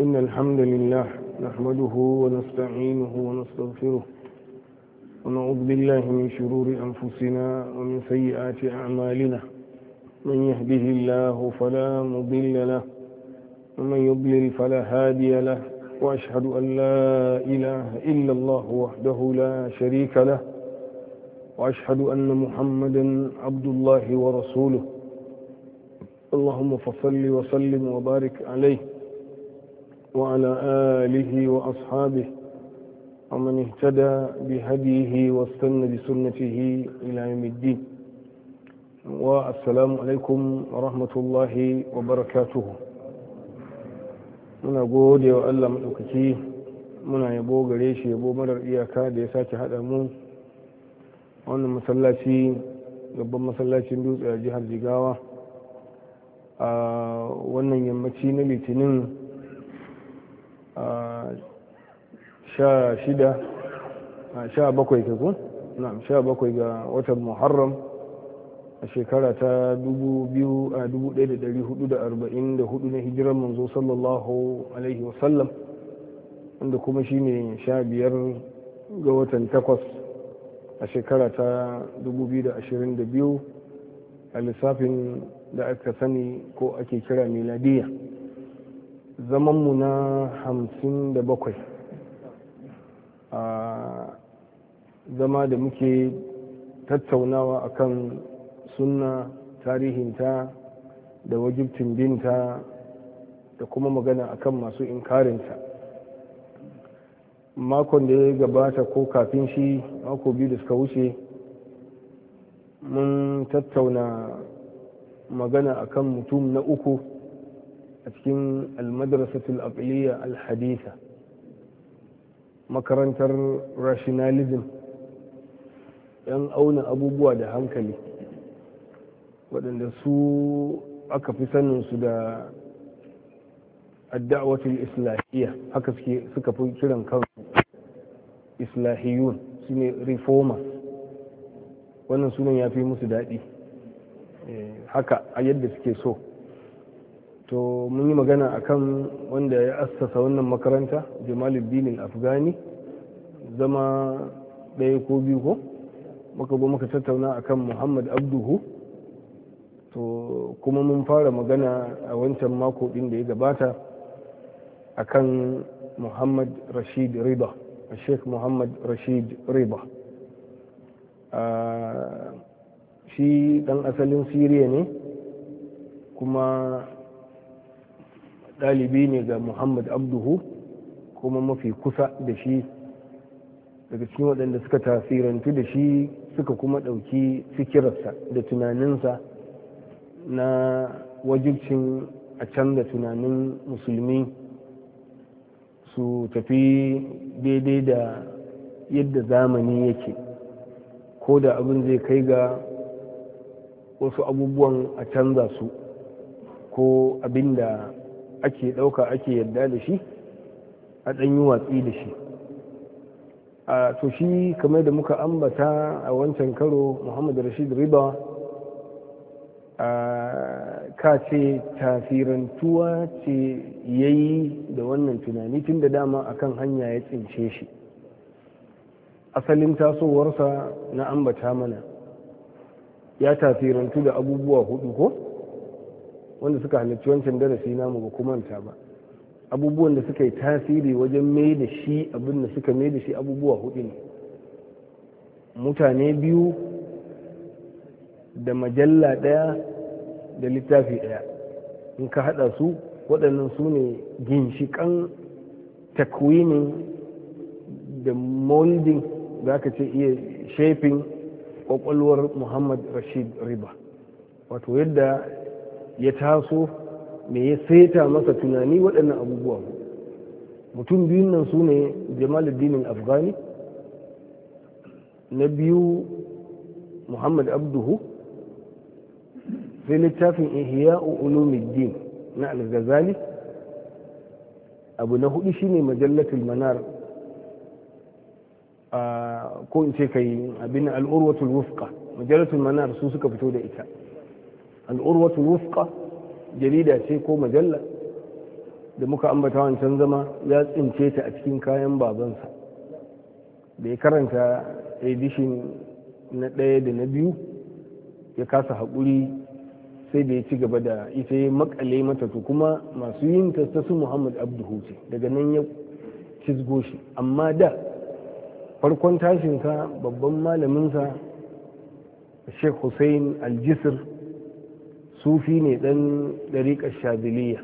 إن الحمد لله نحمده ونستعينه ونستغفره ونعوذ بالله من شرور أنفسنا ومن سيئات أعمالنا من يهده الله فلا مضل له ومن يضلل فلا هادي له وأشهد أن لا إله إلا الله وحده لا شريك له وأشهد أن محمدا عبد الله ورسوله اللهم فصل وسلم وبارك عليه وعلى آله وأصحابه ومن اهتدى بهديه واستنى بسنته إلى يوم الدين والسلام عليكم ورحمة الله وبركاته muna gode wa Allah maɗaukaki muna yabo gare shi yabo marar iyaka da ya sake haɗa mu wannan masallaci babban masallacin dutse a jihar jigawa a wannan yammaci na litinin 17 ke kun ga watan muharram a shekara ta 1444 na hijirar manzo sallallahu alaihi wasallam inda kuma shi sha biyar ga watan takwas a shekara ta 2022 a lissafin da aka sani ko ake kira miladiyya zamanmu na hamsin da bakwai a zama da muke tattaunawa akan sunna tarihinta da wajibtin binta da kuma magana akan masu inkarinta makon da ya gabata ko kafin shi mako biyu da suka wuce mun tattauna magana akan mutum na uku a cikin almadrasatul aqliya alhadisa makarantar rationalism yan auna abubuwa da hankali waɗanda su aka fi saninsu da adda'awatul islahiyya haka suka fi kiran kansu islahiyun su ne reformers wannan sunan ya fi musu daɗi eh, haka a yadda suke so to mun yi magana akan wanda ya assasa wannan makaranta jamaluddin afghani zama ɗaya ko biyu ko maka goma ka tattauna akan muhammad abduhu to kuma mun fara magana a wancan mako ɗin da ya gabata akan muhammad rashid riba sheikh muhammad rashid riba shi ɗan asalin siriya ne kuma ɗalibi ne ga muhammad abduhu kuma mafi kusa da shi daga cikin waɗanda suka tasirantu da shi suka kuma ɗauki fikirarsa da tunaninsa na wajibcin a canza tunanin musulmi su tafi daidai da yadda zamani yake ko da abin zai kai ga wasu abubuwan a canza su ko abin da ake ɗauka ake yadda da shi a ɗan watsi da shi a to shi kamar da muka ambata a wancan karo muhammad rashid riba a ka ce ce ya yi da wannan tunani tun da dama akan hanya ya tsince shi asalin tasowarsa na ambata mana ya tasirantu da abubuwa hudu ko? wanda suka halarci wancan darasi namu ba kuma manta ba abubuwan da suka yi tasiri wajen mai da shi abin da suka mai da shi abubuwa hudu ne mutane biyu da majalla daya da littafi daya in ka hada su waɗannan su ne ginshikan takwinin da moldin za ka ce iya shafin ƙwaƙwalwar muhammad rashid riba wato yadda ya taso me ya saita masa tunani waɗannan abubuwa mutum biyun nan su ne addinin afghani na biyu muhammad abduhu sai littafin ihya'u ulumuddin na al-ghazali abu na hudu shine majallatul manar ko in ce kai abin al'urwatul wufqa majallatul manar su suka fito da ita al'urwatul wufqa jarida ce ko majalla da muka ambata wancan zama ya tsince ta a cikin kayan babansa da ya karanta edishin na ɗaya da na biyu ya kasa haƙuri sai da ya ci gaba da ita ya makale mata to kuma masu yin ta su muhammad abdu daga nan ya cizgo shi amma da farkon tashinsa babban malaminsa sheikh hussein aljisir sufi ne dan ɗariƙar shaziliya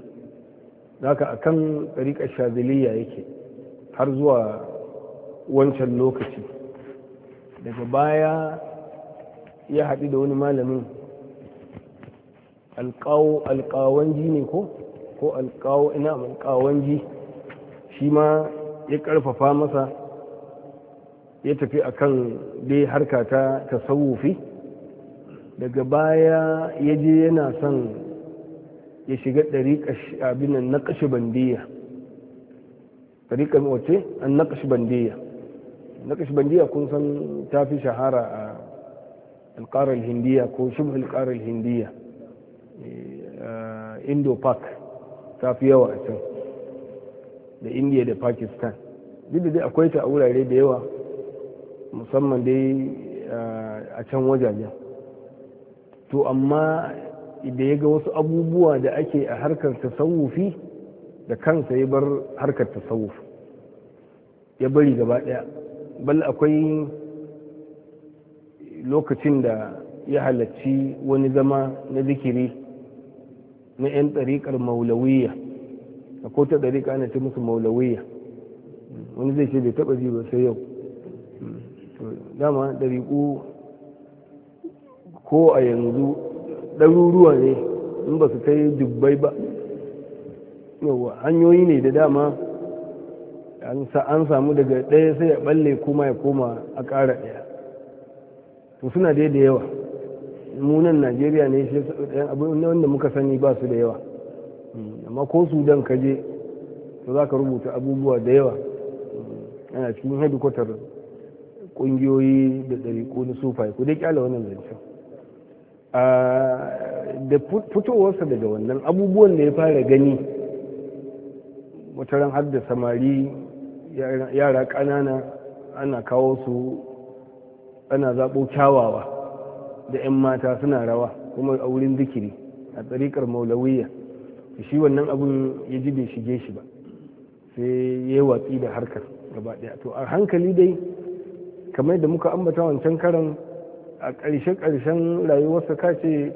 zaka akan ɗariƙar shaziliya yake har zuwa wancan lokaci daga baya ya haɗu da wani malamin alƙawanji ne ko ko ina alƙawanji shi ma ya ƙarfafa masa ya tafi akan dai harka ta tasawufi daga baya ya je yana son ya shiga ɗariƙa abinan na ƙashi bandiya ɗariƙa wace an na ƙashi bandiya bandiya kun san ta fi shahara a alƙarar hindiya ko shubh alƙarar hindiya eh, indo park ta fi yawa a can da indiya da pakistan duk da akwai ta a wurare da yawa musamman dai eh, a can wajajen to amma da ya ga wasu abubuwa da ake a harkar tasawufi da kansa ya bar harkar tasawuf ya bari gaba daya bal akwai lokacin da ya halarci wani zama na zikiri na 'yan tsarikar maulawiyya a ta tsarika ana ce musu maulawiyya wani zai ce bai taɓa ji ba sai yau dama ɗariƙu ko a yanzu ɗaruruwa ne in ba su kai dubbai ba yawa hanyoyi ne da dama an samu daga ɗaya sai ya ɓalle kuma ya koma a ƙara ɗaya to suna dai da yawa munan najeriya ne shi abin wanda muka sani ba su da yawa hmm, amma ko sudan ka je to za ka rubuta abubuwa da yawa hmm, ana cikin hedikwatar ƙungiyoyi da ɗariƙo na sufai ku dai ƙyala wannan zancen da fitowarsa daga wannan abubuwan da ya fara gani wataran har da samari yara ƙanana ana kawo su ana zaɓo kyawawa da 'yan mata suna rawa kuma a wurin zikiri a tsarikar da shi wannan abun ya ji bai shige shi ba sai ya yi watsi da harkar gaba to a hankali dai kamar da muka ambata wancan karan a ƙarshe-ƙarshen rayuwarsa kace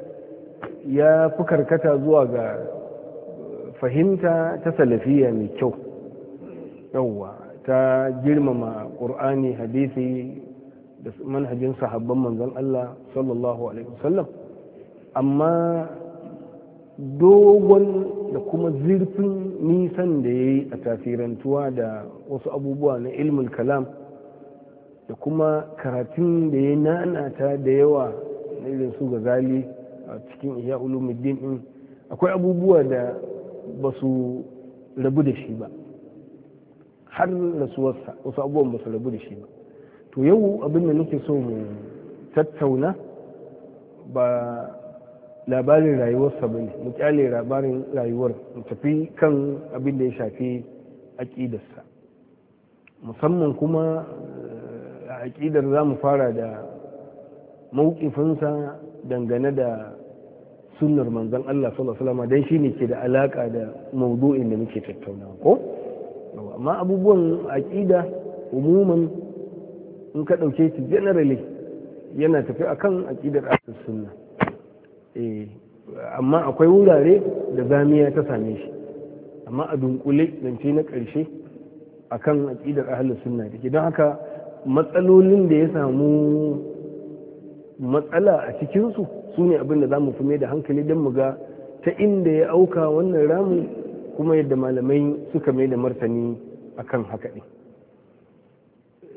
ya fi karkata zuwa ga fahimta ta salafiya mai kyau yauwa ta girmama ƙur'ani hadisi da manhajin sahabban manzon Allah sallallahu alaihi wasallam amma dogon da kuma zirfin nisan da ya yi a tasirantuwa da wasu abubuwa na ilmul kalam da kuma karatun da ya nanata da yawa na irin su gazali a cikin iya ulumuddin din akwai abubuwa da ba su rabu da shi ba har rasuwarsa wasu abubuwan ba su rabu da shi ba to yau abin da nake so mu tattauna ba labarin rayuwarsa ba ne mu kyale labarin rayuwar mu tafi kan abin da ya shafi aƙidarsa musamman kuma aƙidar za mu fara da mawukifinsa dangane da sunnar manzan Allah sallallahu don shi ne ke da alaƙa da maudu'in da muke tattauna ko amma abubuwan aƙida umuman in ka ɗauke su generally yana tafi a kan aƙidar asus sunna eh, amma akwai wurare da zamiya ta same shi amma a dunkule zance na ƙarshe a kan aƙidar ahlus sunna take don haka matsalolin da ya samu matsala a cikinsu su ne abin da za mu fi mai da hankali don mu ga ta inda ya auka wannan ramu kuma yadda malamai suka mai da martani akan haka ne.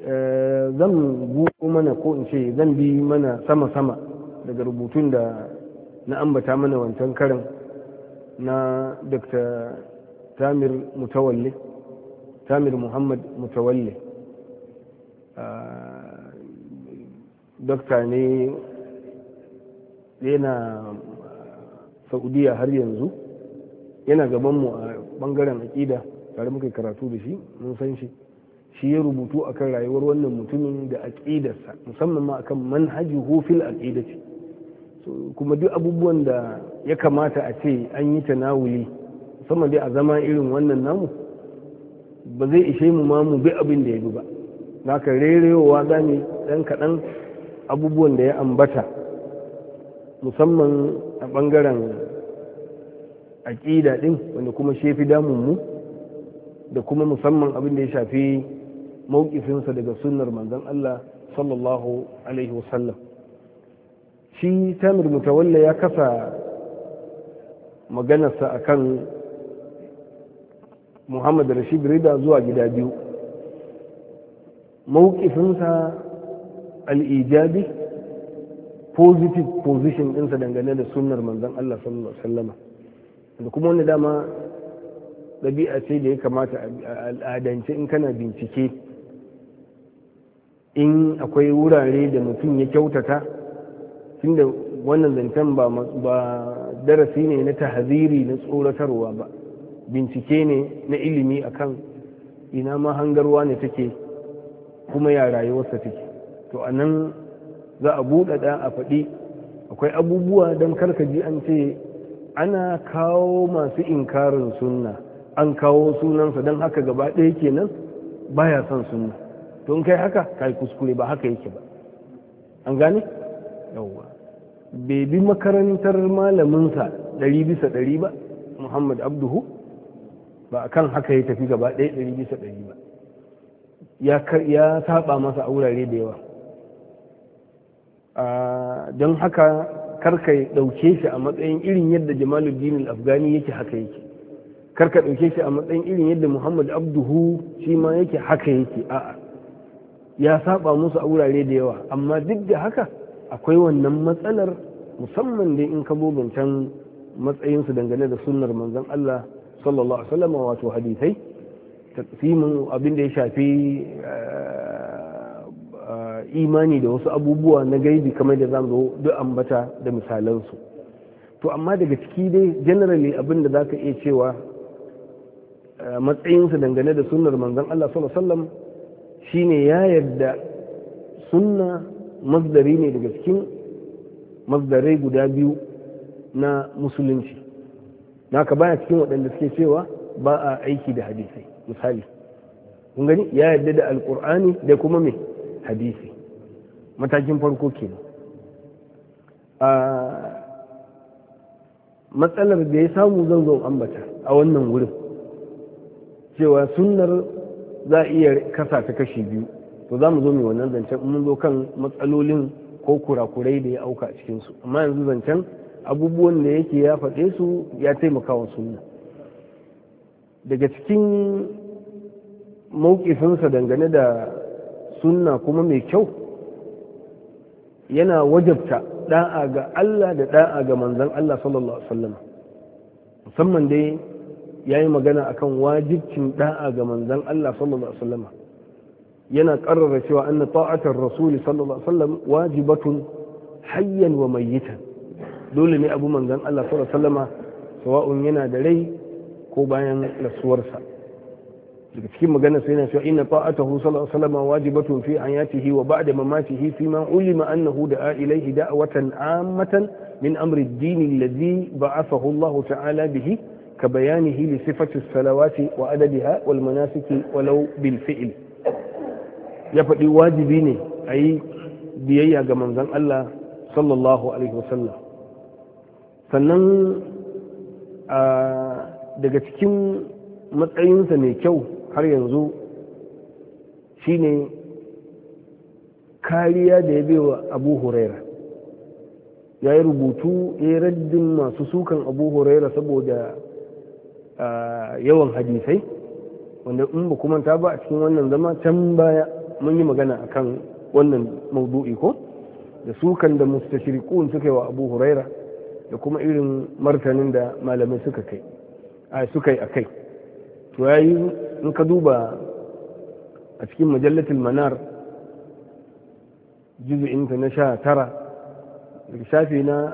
Eh, zan buɗo mana ko in ce zan bi mana sama-sama daga rubutun da na ambata mana wancan karin na dr tamir mutawalle tamir muhammad mutawalle dokta ne yana saudiya har yanzu yana gabanmu a bangaren aƙida tare muka karatu da shi mun san shi shi ya rubutu akan rayuwar wannan mutumin da aƙidarsa musamman ma akan manhaji hufil ce kuma duk abubuwan da ya kamata a ce an yi tanawuli musamman dai a zama irin wannan namu ba zai ishe mu ma mu bi abin da ya bi ba ka rerewa za mu ɗan kaɗan abubuwan da ya ambata musamman a ɓangaren aƙida ɗin wanda kuma shefi damunmu da kuma musamman abin da ya shafi mawukifinsa daga sunar manzan Allah sallallahu alaihi wasallam shi tamir mutawalla ya kasa maganarsa a kan muhammad rashid rida zuwa gida biyu mawukifinsa al'ijabi positive position ɗinsa dangane da sunnar manzan Allah sallallahu alaihi wasallama da kuma wani dama ɗabi'a ce da ya kamata a al'adance in kana bincike in akwai wurare da mutum ya kyautata tunda wannan zancen ba darasi ne na tahaziri na tsoratarwa ba bincike ne na ilimi akan ina ma hangarwa ne take kuma ya rayuwarsa take to a nan za a buɗaɗa a faɗi akwai abubuwa don karkaji an ce ana kawo masu inkarin sunna an kawo sunansa don haka gaba ɗaya kenan baya son sunna to in kai haka kai kuskure ba haka yake ba an gane yawwa bai bi makarantar malaminsa ɗari bisa ɗari ba muhammad abduhu ba a kan haka ya tafi gaba ɗaya ɗari bisa ɗari ba ya saba masa a wurare da yawa don haka karka ɗauke shi a matsayin irin yadda jamaluddin afghani yake haka yake karka ɗauke shi a matsayin irin yadda muhammad abduhu shi ma yake haka yake a'a ya saba musu a wurare da yawa amma duk da haka akwai wannan matsalar musamman dai in ka bobancan matsayinsu dangane da sunnar manzon Allah sallallahu alaihi wasallam wato hadisai taqsimin abin da ya shafi eh, imani da wasu abubuwa na gaibi kamar da zamu zo duk ambata da misalansu to amma daga ciki dai generally abin da zaka iya cewa matsayinsa dangane da sunnar manzon Allah sallallahu alaihi wasallam shine ya yarda sunna masdari ne daga cikin masdarai guda biyu na musulunci na naka baya cikin waɗanda suke cewa ba a aiki da hadisi misali kun gani ya yarda da alkur'ani da kuma me hadisi matakin farko ke a matsalar da ya samu zan zo ambata a wannan wurin cewa sunnar za a iya kasa ta kashi biyu to za mu zo mai wannan zancen mun zo kan matsalolin ko kurakurai da ya auka a cikinsu amma yanzu zancen abubuwan da yake ya faɗe su ya taimaka wa sunna daga cikin mawukifinsa dangane da sunna kuma mai kyau yana wajabta da'a ga Allah da da'a ga manzon Allah sallallahu alaihi wasallam musamman dai yayi magana akan wajibcin da'a ga manzon Allah sallallahu alaihi wasallam yana karrara cewa anna ta'atar rasuli sallallahu alaihi wasallam wajibatun hayyan wa mayyitan dole ne abu manzon Allah sallallahu alaihi wasallama sawa'un yana da rai ko bayan rasuwarsa daga cikin magana sai na cewa inna ta'atahu sallallahu alaihi wasallam wajibatun fi hayatihi wa ba'da mamatihi fi ma ulima annahu da'a ilayhi da'watan ammatan min amri ad-din alladhi ba'athahu Allah ta'ala bihi ka bayanihi li sifati as-salawati wa adadiha wal manasiki walau bil fi'l ya faɗi wajibi ne ayi yi biyayya ga manzon Allah sallallahu alaihi wasallam sannan daga cikin matsayinsa mai kyau har yanzu shine kariya da ya wa abu huraira ya yi rubutu ya yi raddin masu sukan abu huraira saboda yawan hadisai wanda in ba kuma ta ba a cikin wannan zama can baya mun yi magana kan wannan maudu'i ko da sukan da mustashriqun suka yi wa abu huraira da kuma irin martanin da malamai suka kai a suka yi a kai to ya yi in ka duba a cikin majalatul manar juzu'inta na sha tara daga shafi na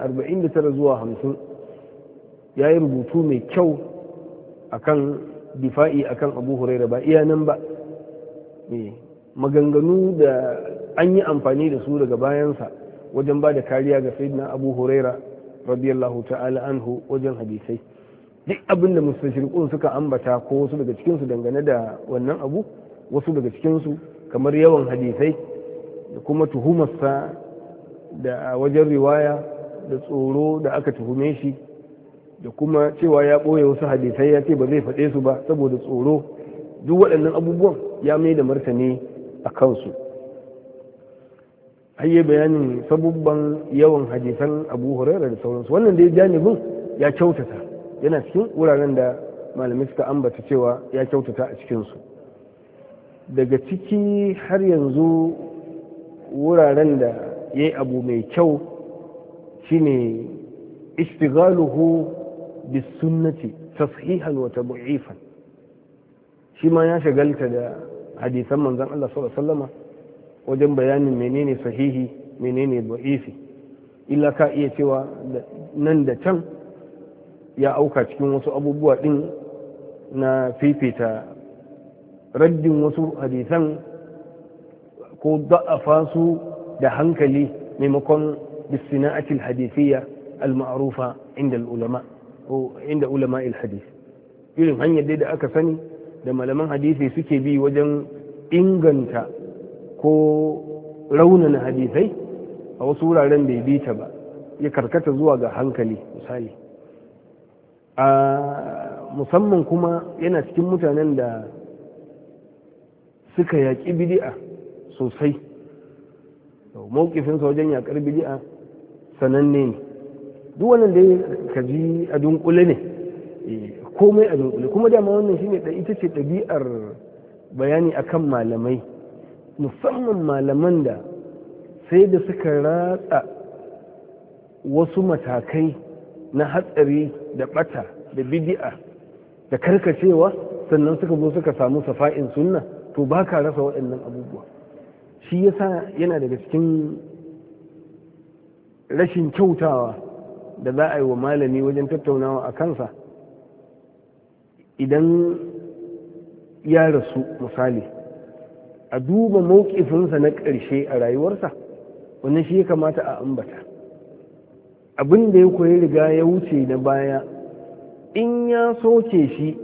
tara zuwa hamsin ya yi rubutu mai kyau akan difa'i akan abu huraira ba iya nan ba eh, maganganu da an yi amfani da su daga bayansa wajen ba da kariya ga sayyidina abu huraira radiyallahu ta'ala anhu wajen hadisai duk abin da mustashrikun suka ambata ko wasu daga cikinsu dangane da wannan abu wasu daga cikinsu kamar yawan hadisai da kuma tuhumarsa da wajen riwaya da tsoro da aka tuhume shi da kuma cewa ya ɓoye wasu hadisai ya ce ba zai faɗe su ba saboda tsoro duk waɗannan abubuwan ya mai da martani a kansu hayye bayanin sabubban yawan hadisan abu huraira da sauransu wannan dai janibin ya kyautata yana cikin wuraren da malamai suka ambata cewa ya kyautata a cikinsu daga ciki har yanzu wuraren da ya yi abu mai kyau shine istigaluhu bis sunnati tashihan wa tad'ifan shi ma ya shagalta da hadisan manzon Allah sallallahu alaihi wajen bayanin menene sahihi menene da'ifi illa ka iya cewa nan da can ya auka cikin wasu abubuwa din na fifita raddin wasu hadisan ko da'afa su da hankali maimakon bisina'atil hadisiyya al-ma'rufa inda ulama ko inda ulama hadis irin hanyar dai da aka sani da malaman hadisi suke bi wajen inganta ko raunana hadisai a wasu wuraren bai bi ta ba ya karkata zuwa ga hankali misali a musamman kuma yana cikin mutanen da suka yaƙi bidi'a sosai maukifinsa wajen yaƙar bidi'a sananne ne duk wannan da ka ji a dunkule ne eh, komai a dunkule kuma dama wannan shine da ita ce ɗabi'ar bayani akan malamai musamman malaman da sai da suka ratsa wasu matakai na hatsari da bata da bidi'a da karkacewa sannan suka zo suka samu safa'in sunna to ba ka rasa waɗannan abubuwa shi yasa yana daga cikin rashin kyautawa da za a yi wa malami wajen tattaunawa a kansa idan ya rasu misali a duba mawukifinsa na ƙarshe a rayuwarsa wannan shi ya kamata a ambata abin da ya koyi riga ya wuce na baya in ya soke shi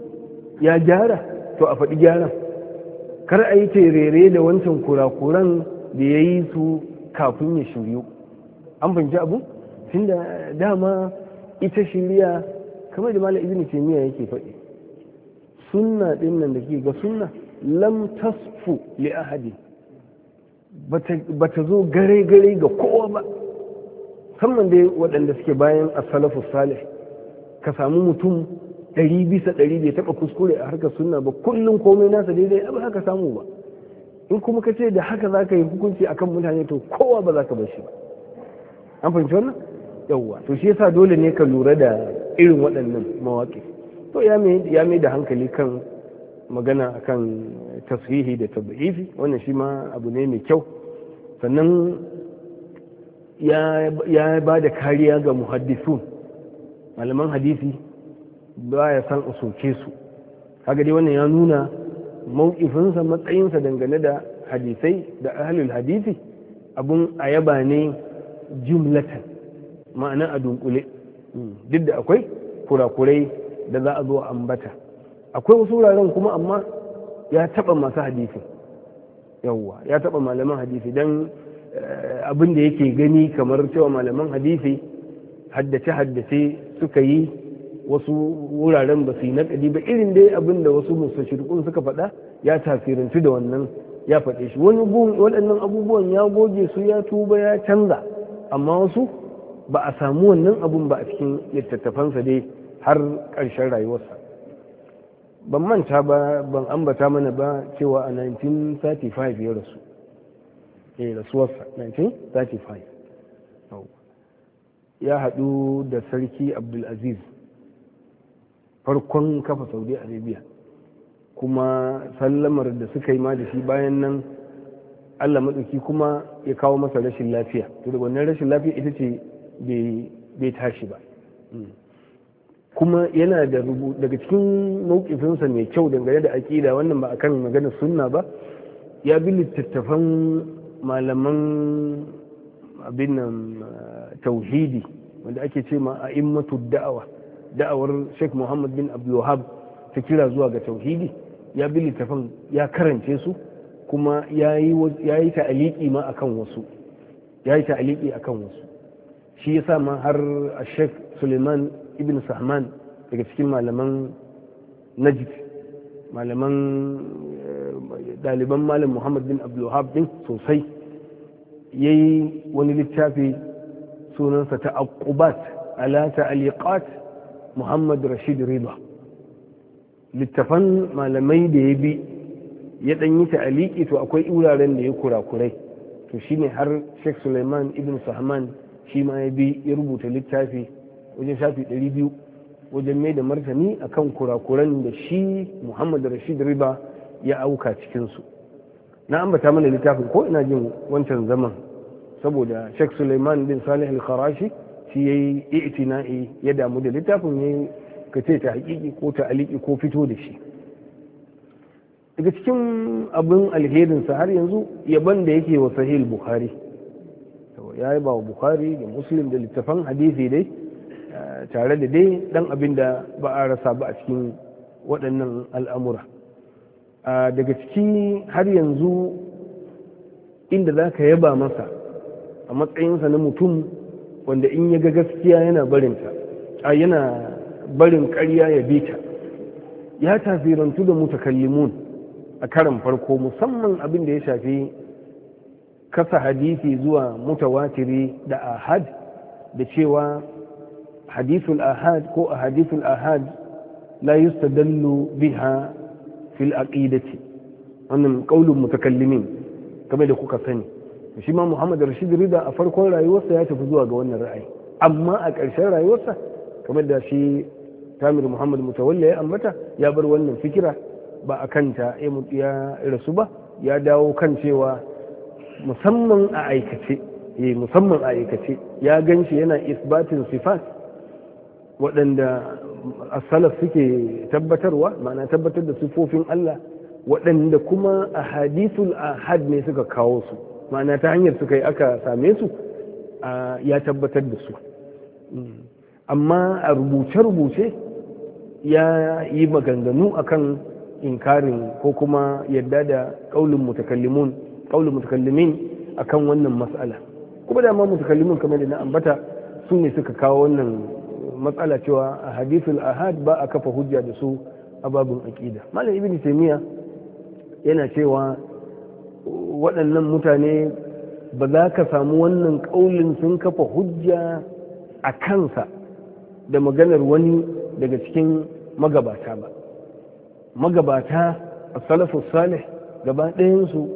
ya gyara to a faɗi gyaran kar a yi terere da wancan kurakuran da ya yi su kafin ya shiryu an fahimci abu tunda dama ita shirya kamar da izini ce miya yake faɗi sunna ɗin nan da ke ga sunna lam tasfu li ahadi bata zo gare gare ga kowa ba musamman dai waɗanda suke bayan asalafu salih ka samu mutum ɗari bisa ɗari bai taɓa kuskure a harkar sunna ba kullum komai nasa daidai abin haka samu ba in kuma ka ce da haka za ka yi hukunci a kan mutane to kowa ba za ka bar shi ba an fahimci wannan yawwa to shi yasa dole ne ka lura da irin waɗannan mawaƙi to ya mai da hankali kan magana akan tasrihi da tabbifi wannan shi ma abu ne mai kyau sannan ya ba da kariya ga muhaddisun malaman hadisi ba ya san usoke su haka dai wannan ya nuna mawkifinsa matsayinsa dangane da hadisai da ahlul hadisi abun yaba ne jimlatan ma'ana a dunkule hmm. duk da akwai kurakurai da za a zo ambata akwai wasu wuraren kuma amma ya taba masu hadisi yawwa ya taba malaman hadisi don abin da yake gani kamar cewa malaman hadisi haddace haddace suka yi wasu wuraren ba su yi ba irin dai abin da wasu mustashirkun suka faɗa ya tasirantu da wannan ya faɗe shi wani waɗannan abubuwan ya goge su ya tuba ya canza amma wasu ba a samu wannan abun ba a cikin littattafansa dai har ƙarshen rayuwarsa ban manta ba ban ambata mana ba cewa a 1935 ya rasu eh rasuwarsa 1935 ya haɗu da sarki abdulaziz farkon kafa saudi arabia kuma sallamar da suka yi ma da shi bayan nan allah matsaki kuma ya kawo masa rashin lafiya to da wannan rashin lafiya ita ce bai tashi ba mm. kuma yana da daga cikin mawukifinsa mai kyau dangane da aƙida wannan ba akan magana sunna ba ya bi littattafan malaman abin nan eh, tauhidi wanda ake ce ma a immatu da'awa da'awar sheikh muhammad bin abdulwahab ta kira zuwa ga tauhidi ya bi littafan ya karance su kuma ya yi ta'aliki ma akan wasu ya yi ta'aliki akan wasu shi ya sa ma har a sheikh suleiman ibn sahman daga cikin malaman najib malaman eh, ɗaliban malam muhammad bin abdulwahab din sosai ya yi wani littafi sunansa ta akubat alata ta'aliqat muhammad rashid riba littafan malamai da ya bi ya ɗan yi Aliki to akwai wuraren da ya kurakurai to shine har sheikh suleiman ibn sahman shi ma ya bi ya rubuta littafi wajen shafi biyu. wajen mai da martani akan kurakuran da shi muhammad rashid riba ya auka cikinsu na ambata mana littafin ko ina jin wancan zaman saboda shek suleiman bin salih al-kharashi shi ya yi itina'i ya damu da littafin ya yi ka ce ta hakiki ko ta aliki ko fito da shi daga cikin abin alherinsa har yanzu yaban da yake wa sahih bukhari ya yi ba wa bukhari da muslim da littafan hadisi dai tare da dai dan abin da ba a rasa ba a cikin waɗannan al'amura daga ciki har yanzu inda za ka yaba masa a matsayinsa na mutum wanda in ya ga gaskiya yana barinta a yana barin karya ya bi ta ya tafirantu da mutakallimun a karan farko musamman abin da ya shafi kasa hadisi zuwa mutawatiri da ahad da cewa hadithul ahad ko ahadithul ahad la yustadallu biha fil aqidati wannan kalli mutakallimin kamar da kuka sani shi ma Muhammad Rashid Rida a farkon rayuwarsa ya tafi zuwa ga wannan ra'ayi amma a ƙarshen rayuwarsa kamar da shi Tamir Muhammad Mutawalla ya ambata ya bar wannan fikira ba a kanta ya rasu ba ya dawo kan cewa musamman a aikace eh, musamman a aikace ya ganshi yana isbatin sifat waɗanda asalaf suke tabbatarwa ma'ana tabbatar da sufofin Allah waɗanda kuma a hadithul ahad ne suka kawo su ma'ana ta hanyar suka yi aka same su ya tabbatar da su amma a rubuce-rubuce ya yi maganganu akan inkarin ko kuma yadda da ƙaunin mutakallimin a kan akan wannan matsala kuma da ma kamar da na ambata su ne suka kawo wannan matsala cewa a hadithul ahad ba a kafa hujja da su a babin aƙida malam ibn taymiya yana cewa waɗannan mutane ba za ka samu wannan ƙaulin sun kafa hujja a kansa da maganar wani daga cikin magabata ba magabata a salafu salih gaba ɗayansu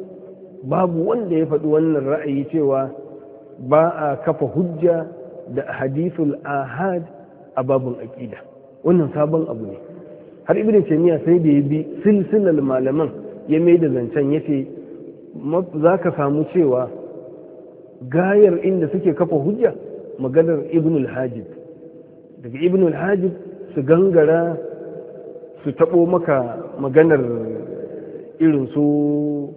babu wanda ya faɗi wannan ra'ayi cewa ba a kafa hujja da hadithul ahad a babin aƙida wannan sabon abu ne har ibn taymiya sai da ya bi silsilar malaman ya mai da zancen ya ce za ka samu cewa gayar inda suke kafa hujja maganar ibn al-hajib daga ibn al-hajib su gangara su taɓo maka maganar irin su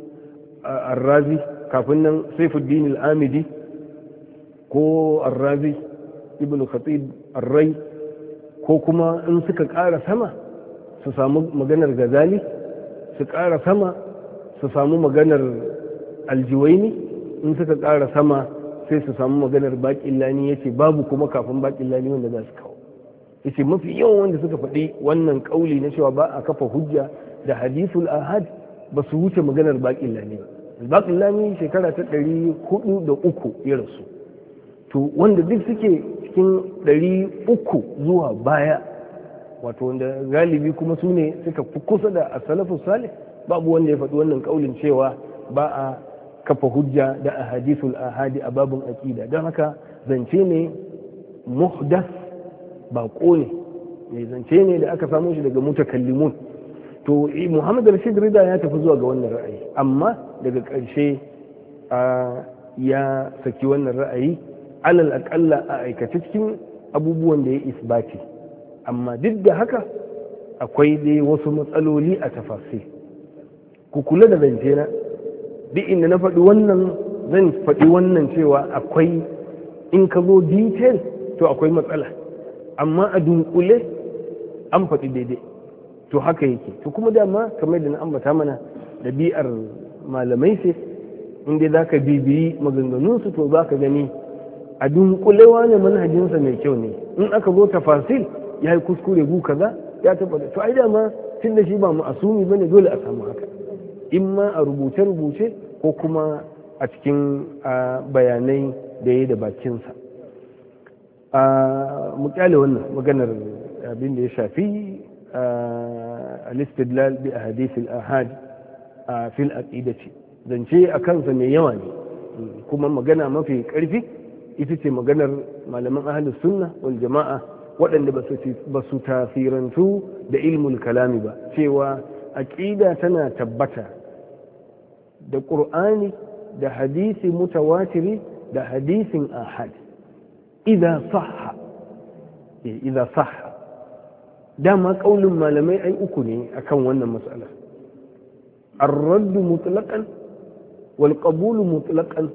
arrazi kafin nan saifuddin al-amidi ko arrazi ibn khatib rai ko kuma in suka ƙara sama su samu maganar gazali su ƙara sama su samu maganar aljiwaini in suka ƙara sama sai su samu maganar baƙin babu kuma kafin baƙin wanda za su kawo ya ce mafi yawan wanda suka faɗi wannan ƙauli na cewa ba a kafa hujja da hadisul ahad ba su wuce maganar baƙin lani baƙin shekara ta ɗari hudu da uku ya rasu to wanda duk suke cikin uku zuwa baya wato wanda galibi kuma su ne suka kusa da asalafu salih babu wanda ya faɗi wannan ƙaulin cewa ba a kafa hujja da ahadisul ahadi a babin aƙida don haka zance ne muhdas baƙo ne mai eh, zance ne da aka samu shi daga mutakallimun to eh, muhammad rashid rida ya tafi zuwa ga wannan ra'ayi amma daga ƙarshe ah, ya saki wannan ra'ayi alal aƙalla a aikace cikin abubuwan da ya isbati amma duk da haka akwai dai wasu matsaloli a tafasi ku kula da zance na duk inda na faɗi wannan zan faɗi wannan cewa akwai in ka zo detail to akwai matsala amma a dunkule an faɗi daidai to haka yake to kuma dama kamar da na ambata mana ɗabi'ar malamai sai in dai za ka bibiyi maganganunsu to za ka gani a dunkulewa ne manhajinsa mai kyau ne in aka zo tafasil ya yi kuskure gu kaza ya tabbata to ai dama tun da shi ba mu ma'asumi bane dole a samu haka in ma a rubuce rubuce ko kuma a cikin bayanai da ya da bakinsa mu kyale wannan maganar abin da ya shafi al-istidlal bi ahadith al-ahad fil aqidati zance a kansa mai yawa ne kuma magana mafi karfi ita ce maganar malaman ahalus sunna wal jama'a waɗanda ba su tasirantu da ilmul kalami ba cewa aƙida tana tabbata da ƙur'ani da hadisi mutawatiri da hadisin ahad idza sahha eh, idza sahha dama kaulin malamai ai uku ne akan wannan mas'ala ar-radd mutlaqan wal qabul mutlaqan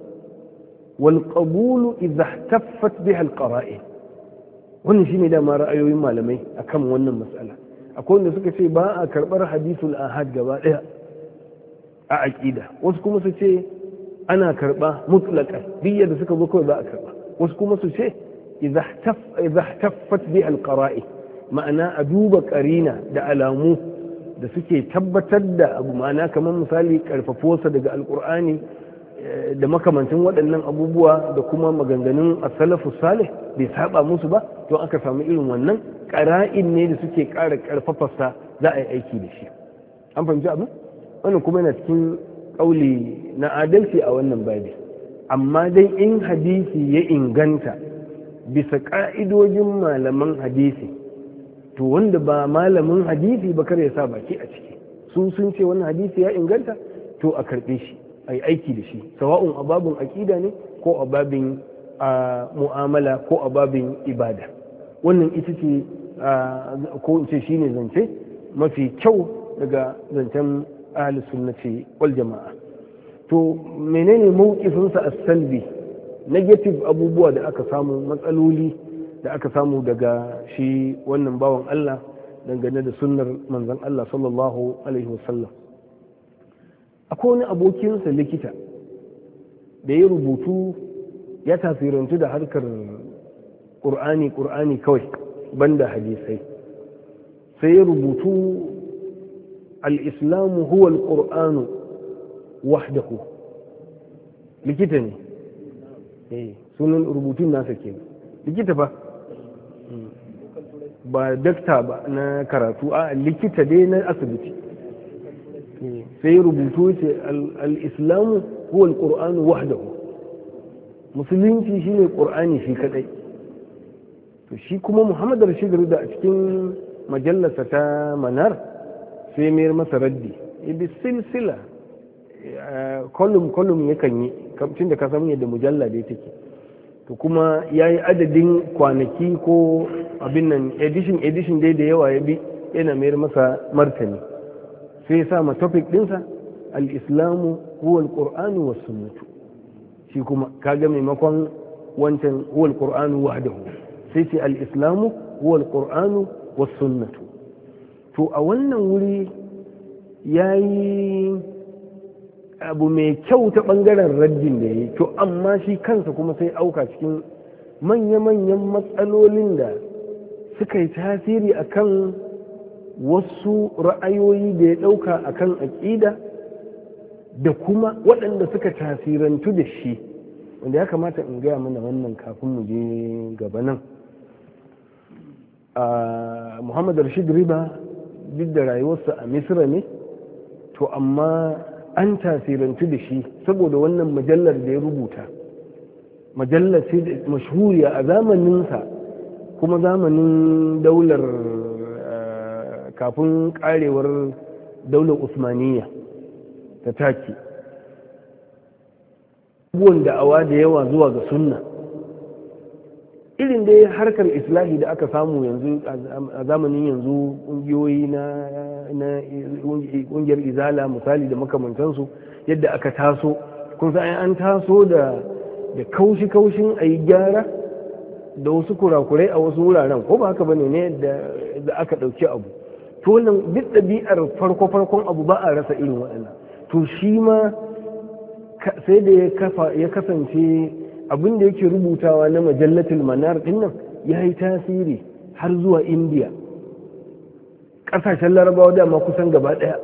والقبول إذا احتفت بها القرائن wannan shine da ma ra'ayoyin malamai akan wannan mas'ala akwai wanda suka ce ba a karbar hadisul ahad gaba ɗaya a aƙida. wasu kuma su ce ana karɓa mutlaqan duk yadda suka zo kawai ba a wasu kuma su ce idza ihtaffat bi alqara'i ma'ana a duba ƙarina da alamu da suke tabbatar da abu ma'ana kamar misali karfafosa daga Alƙur'ani. da makamantin waɗannan abubuwa da kuma maganganun asalafu salih bai saba musu ba to aka samu irin wannan ƙara'in ne da suke ƙara ƙarfafarsa za a yi aiki da shi an fahimci abin wannan kuma yana cikin ƙauli na adalci a wannan babi amma dai in hadisi ya inganta bisa ƙa'idojin malaman hadisi to wanda ba malamin hadisi ba kar ya sa baki a ciki su sun ce wannan hadisi ya inganta to a karɓe shi a yi aiki da shi sawa'un a babin aƙida ne ko a mu'amala ko a ibada wannan ita ce ko in ce shi ne zance mafi kyau daga zancen na sunnati wal jama'a to menene mawqifinsa a salbi negative abubuwa da aka samu matsaloli da aka samu daga shi wannan bawan Allah dangane da sunnar manzon Allah sallallahu alaihi wasallam akwai wani abokinsa likita da ya rubutu ya tasirantu da harkar ƙur'ani ƙur'ani kawai banda hadisai sai ya rubutu al'islamu huwa al'ur'anu wahdahu likita ne eh, sunan rubutun nasa ke likita ba hmm. ba dakta ba na karatu a likita dai na asibiti sai rubutu ce al'islamu islamu huwa al wahdahu musulunci shine qur'ani shi kadai to shi kuma muhammad rashidu rida a cikin majallarsa ta manar sai mayar masa raddi ibi silsila eh, kolum kolum yakan yi tun da ka samu yadda mujalla dai take to kuma ya yi adadin kwanaki ko abin nan edishin edition dai da yawa ya bi yana mayar masa martani sai ya sa ma topic ɗinsa al-islamu huwa al-qur'anu was sunnatu shi kuma kaga maimakon wancan huwa al-qur'anu wahdahu sai ce al-islamu huwa al-qur'anu was sunnatu to a wannan wuri yayi abu mai kyau ta bangaren raddin da yayi to amma shi kansa kuma sai auka cikin manya-manyan matsalolin da suka yi tasiri akan wasu ra'ayoyi da ya ɗauka a kan aƙida da kuma waɗanda suka tasirantu da shi wanda ya kamata in gaya mana wannan kafin mu je gaba nan muhammad rashid riba duk da rayuwarsa a misra ne to amma an tasirantu da shi saboda wannan majallar da ya rubuta majallar mashhuriya a zamaninsa kuma zamanin daular kafin karewar daular Usmaniyya ta take abubuwan da'awa da yawa zuwa ga sunna irin dai harkar islahi da aka samu yanzu a zamanin yanzu ƙungiyoyi na ƙungiyar izala misali da makamantansu yadda aka taso kun sa an taso da kaushi-kaushin a yi gyara da wasu kurakurai a wasu wuraren ko ba haka bane ne da aka ɗauki abu to nan duk ɗabi'ar farko farkon abu ba a rasa irin waɗannan to shi ma sai da ya kasance abin da yake rubutawa na majallatul manar din nan ya yi tasiri har zuwa indiya ƙasashen larabawa dama kusan gaba ɗaya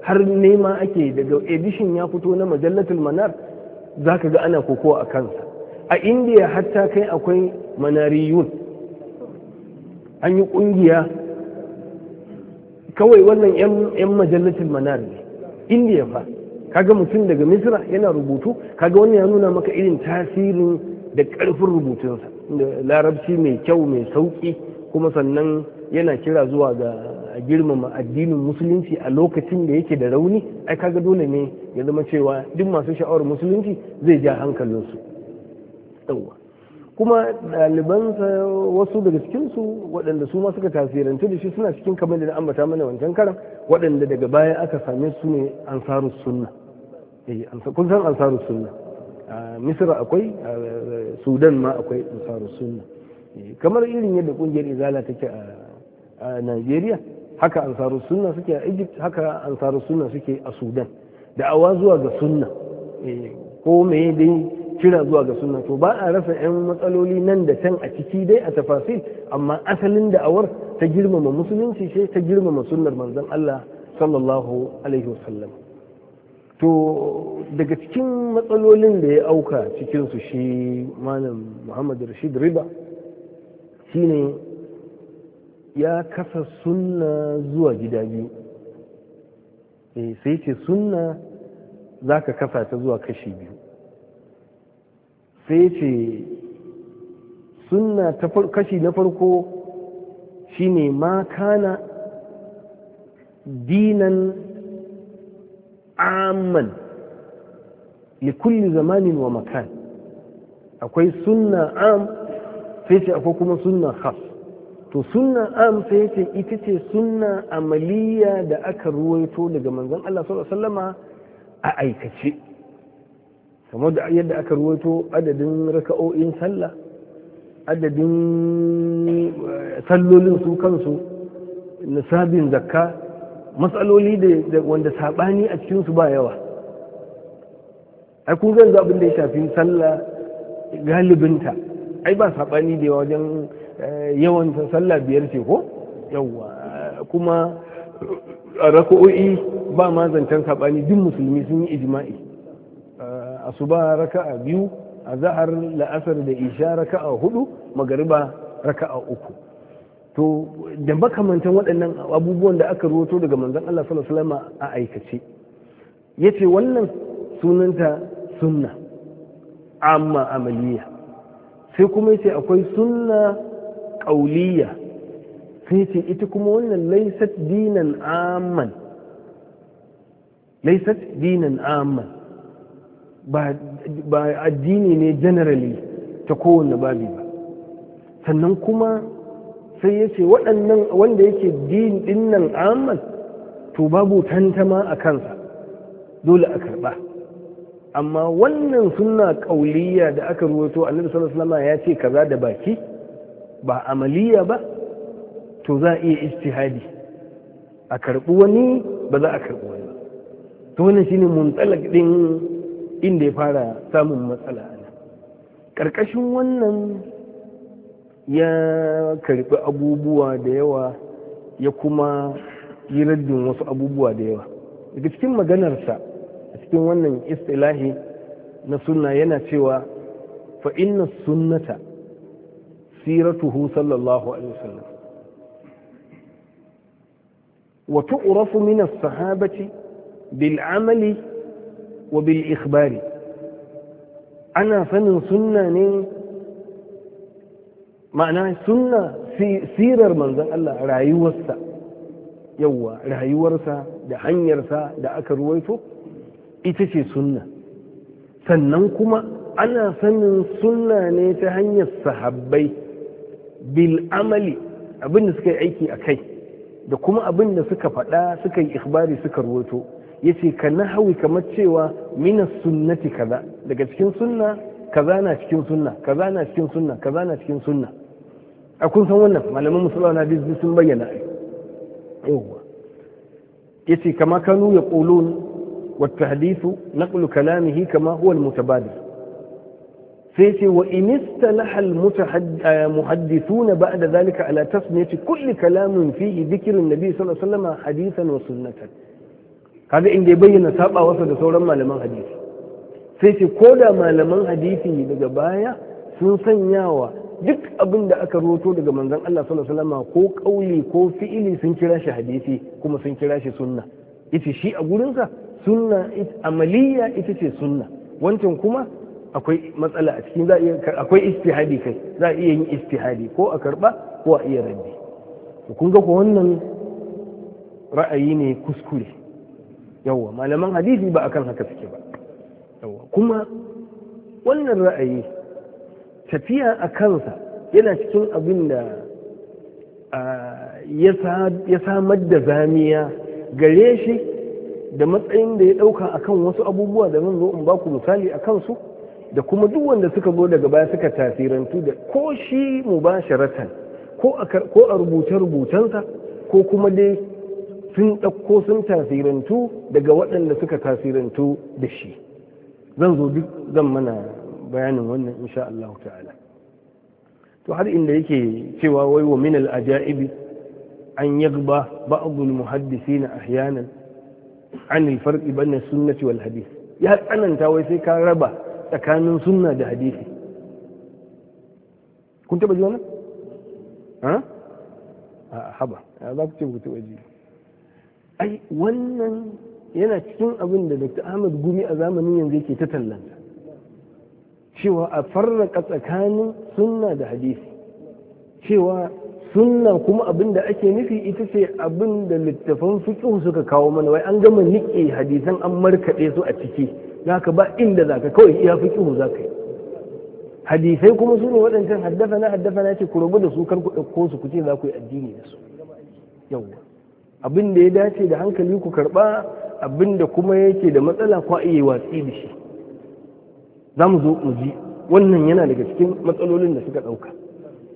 har nema ake daga edishin ya fito na majallatul manar za ka ga ana kokowa a kansa a indiya hatta kai akwai manariyun an yi ƙungiya kawai wannan yan majalatul manar ne indiya fa kaga mutum daga misra yana rubutu kaga wannan ya nuna maka irin tasirin da karfin rubutunsa larabci mai kyau mai sauki kuma sannan yana kira zuwa ga girmama addinin musulunci a lokacin da yake da rauni ai kaga dole ne ya zama cewa duk masu sha'awar musulunci zai ja hankalinsu yawwa kuma ɗalibansa wasu daga cikinsu waɗanda su ma suka tasirantu da shi suna cikin kamar da na ambata mana wancan karan waɗanda daga baya aka same su ne ansarus sunna eh, kun san ansarus sunna a misra akwai a sudan ma akwai ansarus sunna eh, kamar irin yadda ƙungiyar izala take a najeriya haka ansarus sunna suke a egypt haka ansarus sunna suke a sudan Da awa zuwa ga sunna eh, ko me dai kira zuwa ga sunna to ba a rasa 'yan matsaloli nan da can a ciki dai a tafasil amma asalin da'awar ta girmama musulunci ce ta girmama sunnar manzon Allah sallallahu alaihi wasallam to daga cikin matsalolin da ya auka cikinsu su shi malam Muhammad Rashid Riba shine ya kasa sunna zuwa gida biyu eh, sai ce sunna zaka kasa ta zuwa kashi biyu sai ce sunna ta kashi na farko shine ma kana dinan amman likulli zamanin wa makan akwai sunna am sai ce akwai kuma suna khas to sunna am sai ce ita ce sunna amaliya da aka ruwaito daga manzon Allah sallallahu alaihi wasallama a aikace kamar da yadda aka ruwaito adadin raka'o'in sallah adadin eh, sallolin su kansu nisabin zakka matsaloli da wanda saɓani a su ba yawa ai kun zan abin da ya shafi sallah galibinta ai ba saɓani da yawa wajen eh, yawan sallah biyar ce ko yawa kuma raka'o'i ba ma zancen saɓani duk musulmi sun yi ijima'i. asuba raka'a biyu a zahar la'asar da isha raka'a hudu magariba raka'a uku to da makamantan waɗannan abubuwan da aka rubuto daga manzon Allah sallallahu alaihi wasallam a aikace yace wannan sunanta sunna amma amaliya sai kuma yace akwai sunna qauliya sai yace ita kuma wannan laysat dinan amman laysat dinan amman ba addini ne generally ta kowane babi ba sannan kuma sai ya ce waɗannan wanda yake din nan amal to babu tantama a kansa dole a karɓa amma wannan suna ƙauliya da aka ruwato a sallallahu alaihi ya ce kaza da baki ba amaliya ba to za a iya ijtihadi a karɓi wani ba za a karɓi wani ba to wannan shine muntalaq din inda ya fara samun matsala ana ƙarƙashin wannan ya karɓi abubuwa da yawa ya kuma yi raddin wasu abubuwa da yawa daga cikin maganarsa a cikin wannan istilahi na sunna yana cewa fa'inna sunnata siratuhu sallallahu alaihi wasallam wa tu'rafu min as-sahabati wa bil ikhbari ana sanin sunna ne ma'ana sunna sirar manzon Allah rayuwarsa yawwa rayuwarsa da hanyarsa da aka ruwaito ita ce sunna sannan kuma ana sanin sunna ne ta hanyar sahabbai bil amali abin da suka yi aiki a kai da kuma abin da suka faɗa suka yi ikhbari suka ruwaito yace ka nahawi kamar cewa min sunnati kaza daga cikin sunna kaza na cikin sunna kaza na cikin sunna kaza na cikin sunna a kun san wannan malaman musulma na biyu sun bayyana yawwa yace kama kanu yaqulun wa tahdithu naqlu kalamihi kama huwa al-mutabadil sai ce wa inista lahal ah, muhaddithuna ba'da zalika ala tasmiyati kulli kalamin fihi dhikrin nabi sallallahu alaihi wasallam hadithan wa sunnatan kaga inda ya bayyana saba wasa da sauran malaman hadisi sai ce ko da malaman hadisi daga baya sun sanyawa duk abin da aka roto daga manzon Allah sallallahu alaihi wasallam ko kauli ko fi'ili sun kira shi hadisi kuma sun kira shi sunna ita shi a gurinsa sunna amaliya ita ce sunna wancan kuma akwai matsala a cikin za iya akwai istihadi kai za iya yin istihadi ko a karba ko a iya rabbi kun ga ko wannan ra'ayi ne kuskure yawa malaman hadisi ba akan haka suke ba yawa kuma wannan ra'ayi tafiya a kansa yana cikin abin da ya samar da zamiya gare shi da matsayin da ya ɗauka akan wasu abubuwa da zan zo in baku misali a kansu da kuma duk wanda suka zo daga baya suka tasirantu da ko shi mu mubasharatan ko a rubuce-rubucensa ko kuma dai sun ɗauko sun tasirantu daga waɗanda suka tasirantu da shi zan zo duk zan mana bayanin wannan insha Allah ta'ala to har inda yake cewa wai wa min al-ajaibi an yagba ba'd al-muhaddisin ahyanan an al-farq bayna sunnati wal hadith ya tsananta wai sai ka raba tsakanin sunna da hadisi kun taba ji wannan ha haba za ku ce ku taba ji ai wannan yana cikin abin da dr ahmad gumi a zamanin yanzu yake ta tallanta cewa a farraka tsakanin sunna da hadisi cewa sunna kuma abin da ake nufi ita ce abin da littafan fiqh suka kawo mana wai an gama niƙe hadisan an markaɗe su a ciki zaka ba inda zaka kawai iya za ka yi hadisai kuma su ne waɗancan haddafa na haddafa na ce ku rabu da su kar ku ɗauko su ku ce za ku yi addini da su yawwa abin da ya dace da hankali ku karba abin da kuma yake da matsala kwa iya watsi da shi za mu zo mu ji wannan yana daga cikin matsalolin da suka ɗauka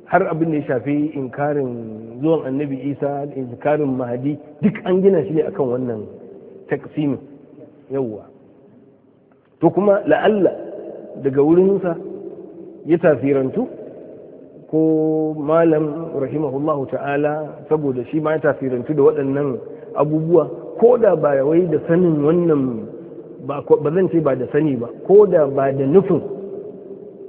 har abin da ya shafi inkarin zuwan annabi isa inkarin mahadi duk an gina shi ne akan wannan taksimin yauwa to kuma la'alla daga wurinsa ya tasirantu ko malam rahimahullahu ta'ala saboda shi ma ya tasirantu da waɗannan abubuwa ko da ba wai da sanin wannan ba zan ce ba da sani ba ko da ba da nufin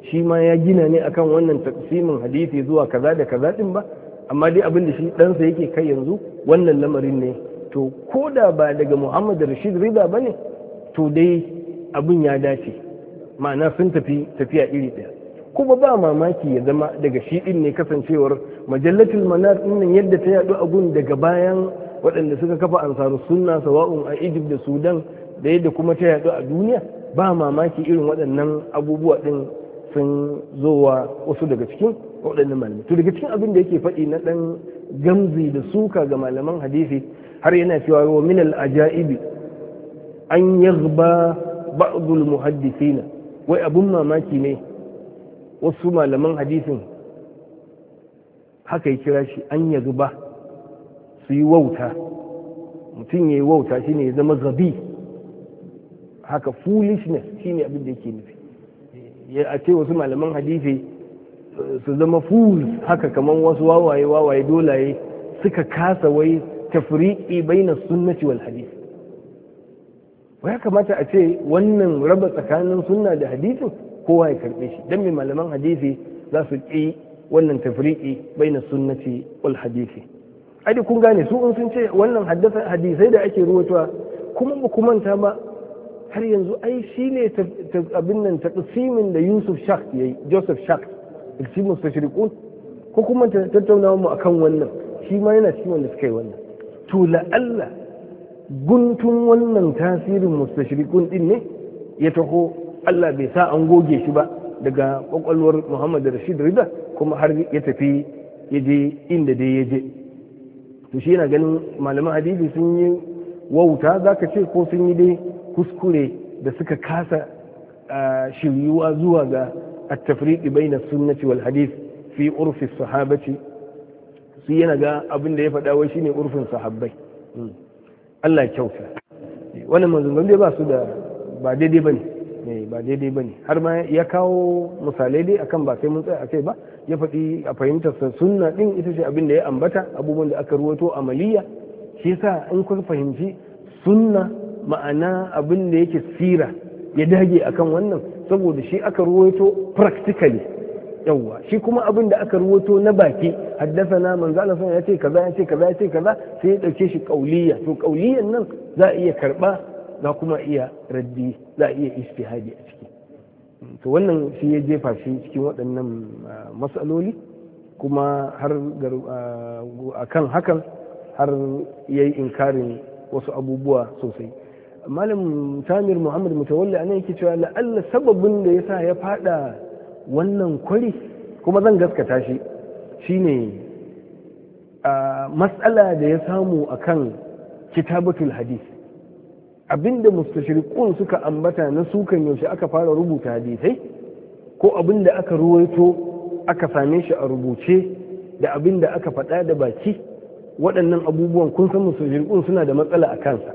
shi ma ya gina ne akan wannan taqsimin hadisi zuwa kaza da kaza din ba amma dai abin da shi ɗansa yake kai yanzu wannan lamarin ne to ko da ba daga muhammad rashid riba ba ne to dai abin ya dace ma'ana sun tafi tafiya iri ɗaya kuma ba mamaki ya zama daga shi din ne kasancewar majallatul manar nan yadda ta yadu a gun daga bayan waɗanda suka kafa ansaru sunna sawa'un a Egypt da Sudan da yadda kuma ta yadu a duniya ba mamaki irin waɗannan abubuwa din sun zowa wasu daga cikin waɗannan malamai to daga cikin abin da yake faɗi na ɗan gamzi da suka ga malaman hadisi har yana cewa wa min al ajaibi an yaghba ba'd al muhaddithina wai abun mamaki ne wasu malaman hadisin haka ya kira shi an ya zuba su yi wauta mutum ya yi wauta shi ne ya zama zabi haka foolishness ne abin da yake nufi a ce wasu malaman hadisi eh, su zama fools haka kamar wasu wawaye wawaye dolaye suka kasa wai tafriqi bainas sunnati wal hadisi ya kamata a ce wannan raba tsakanin sunna da hadisin kowa ya karɓe shi dan mai malaman hadisi za su ƙi wannan bai baina sunnati wal hadisi ai kun gane su in sun ce wannan hadisai da ake ruwatuwa kuma ba ku manta ba har yanzu ai shine abin nan ta tsimin da Yusuf Shak yi, Joseph Shak shi mustashriqun ko kuma tattaunawa mu akan wannan shi ma yana cikin wanda suka yi wannan to la'alla guntun wannan tasirin mustashriqun din ne ya taho Allah bai sa an goge shi ba daga kwakwalwar Muhammad Rashid Rida kuma har ya tafi ya je inda dai ya je to shi yana ganin malaman hadisi sun yi wauta za ka ce ko sun yi dai kuskure da suka kasa shiryuwa zuwa ga at baina bayna sunnati wal hadith fi urfi sahabati su yana ga abin da ya faɗa wai shine urfin sahabbai hmm. Allah kyauta wannan manzon ba su da ba daidai bane ba daidai ba ne har ma ya kawo misalai dai akan ba sai mun tsaya a kai ba ya faɗi a fahimtar sunna ɗin ita ce abin da ya ambata abubuwan da aka ruwato amaliya shi yasa in kun fahimci sunna ma'ana abin da yake sira ya dage akan wannan saboda shi aka ruwato practically yawwa shi kuma abin da aka ruwato na baki haddasa manzo Allah ya ce kaza ya ce kaza ya ce kaza sai ya dauke shi kauliya to kauliyan nan za a iya karba za kuma iya raddi za a iya istihadi a ciki to wannan shi ya jefa shi cikin waɗannan ah, matsaloli kuma har ah, a kan hakan har ya yi inkarin wasu abubuwa sosai malam samir muhammad mutawalli a nan yake cewa la'alla sababin da ya sa ya fada wannan kwari kuma zan gaskata shi shine a ah, matsala da ya samu a kan kitabatul hadith abinda mustashriqun suka ambata na sukan yaushe aka fara rubuta hadisai ko abinda aka ruwaito aka same shi a rubuce da abinda aka faɗa da baki waɗannan abubuwan kun san mustashriqun suna da matsala a kansa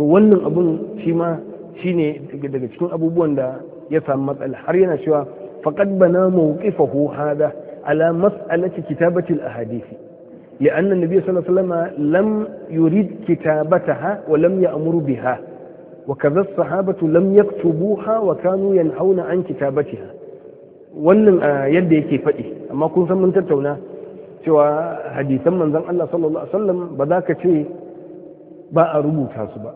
to wannan abun shi ma shine daga cikin abubuwan da ya samu matsala har yana cewa faqad bana mawqifahu hada ala mas'alati kitabati al-ahadisi لأن النبي صلى الله عليه وسلم لم يريد كتابتها ولم يأمر بها wa kaza sahabatu lam yaktubuha wa kanu yanhauna an kitabatiha wannan ah, yadda yake faɗi amma kun san mun tattauna cewa hadisan manzon Allah sallallahu alaihi wasallam ba za ka ce ba a rubuta su ba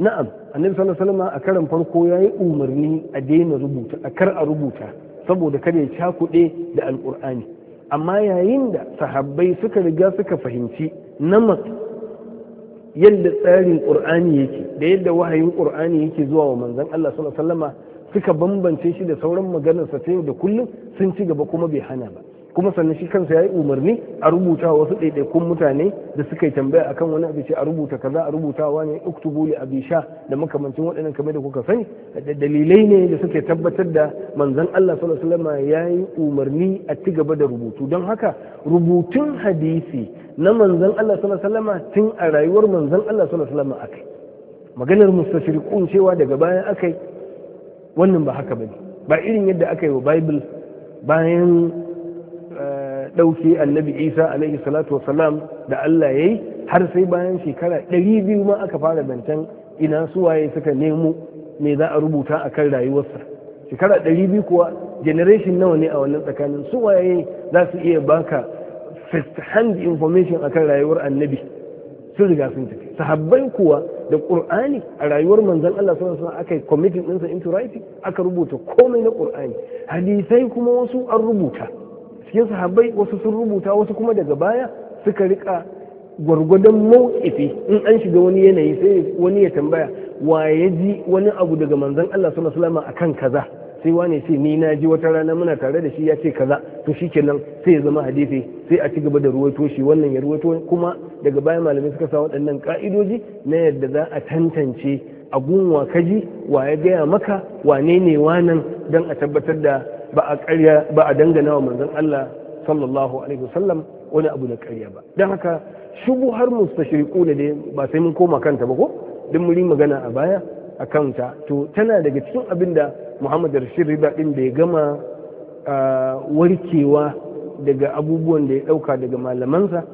na'am annabi sallallahu alaihi wasallam a karan farko yayi umarni a daina rubuta a kar a rubuta saboda kada ya cakuɗe da alqur'ani amma yayin da sahabbai suka riga suka fahimci namak yadda tsarin ƙur'ani yake da yadda wahayin ƙur'ani yake zuwa wa manzan Allah sallallahu suka bambance shi da sauran maganarsa ta yau da kullum sun ci gaba kuma bai hana ba kuma sannan shi kansa ya yi umarni a rubuta wasu ɗaiɗaikun mutane da suka yi tambaya akan wani abu ce a rubuta kaza a rubuta wani uktubu li abi sha da makamancin waɗannan kamar da kuka sani da dalilai ne da suke tabbatar da manzon Allah sallallahu alaihi wasallam ya yi umarni a ci gaba da rubutu don haka rubutun hadisi na manzon Allah sallallahu alaihi wasallam tun a rayuwar manzon Allah sallallahu alaihi wasallam akai maganar mustashriqun cewa daga bayan akai wannan ba haka bane ba irin yadda aka yi wa bible bayan ɗauke annabi isa alaihi salatu wasalam da allah ya yi har sai bayan shekara ɗari biyu ma aka fara zancen ina suwaye suka nemo me za a rubuta a kan rayuwarsa shekara ɗari biyu kuwa generation nawa ne a wannan tsakanin suwaye za su iya baka first hand information akan rayuwar annabi sun riga sun tafi sahabbai kuwa da qur'ani a rayuwar manzon Allah sallallahu alaihi aka yi committing ɗinsa into writing aka rubuta komai na qur'ani hadisai kuma wasu an rubuta cikin sahabbai wasu sun rubuta wasu kuma daga baya suka rika gwargwadon mawkifi in an shiga wani yanayi sai wani ya tambaya wa ya ji wani abu daga manzon Allah sallallahu alaihi wasallam akan kaza sai wani ce ni na ji wata rana muna tare da shi ya ce kaza to shikenan sai ya zama hadisi sai a ci gaba da ruwaito shi wannan ya ruwaito kuma daga baya malamai suka sa waɗannan ka'idoji na yadda za a tantance a gunwa kaji wa ya gaya maka wane ne wanan don a tabbatar da ba a ƙarya ba a dangana wa manzon Allah sallallahu alaihi wasallam wani abu na ƙarya ba don haka har shubuhar mustashriqu ne dai ba sai mun koma kanta ba ko duk mun magana a baya a kanta to tana daga cikin abin da Muhammad Rashid Riba din da ya gama warkewa daga abubuwan da ya dauka daga malamansa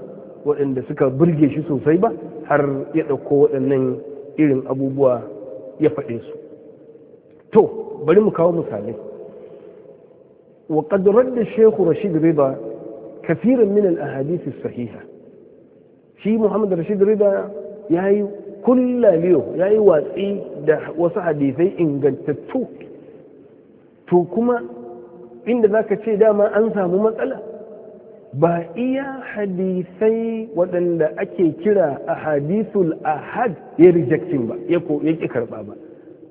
waɗanda suka burge shi sosai ba har ya ɗauko waɗannan irin abubuwa ya faɗe su to bari mu kawo misalai وقد رد الشيخ رشيد رضا كثيرا من الأحاديث الصحيحة شي محمد رشيد رضا ياي كل ليو ياي واتسي ده wasu hadisai ingantattu to kuma inda ka ce dama an samu matsala ba iya hadisai waɗanda ake kira a ahad ya rejectin ba ya ko ba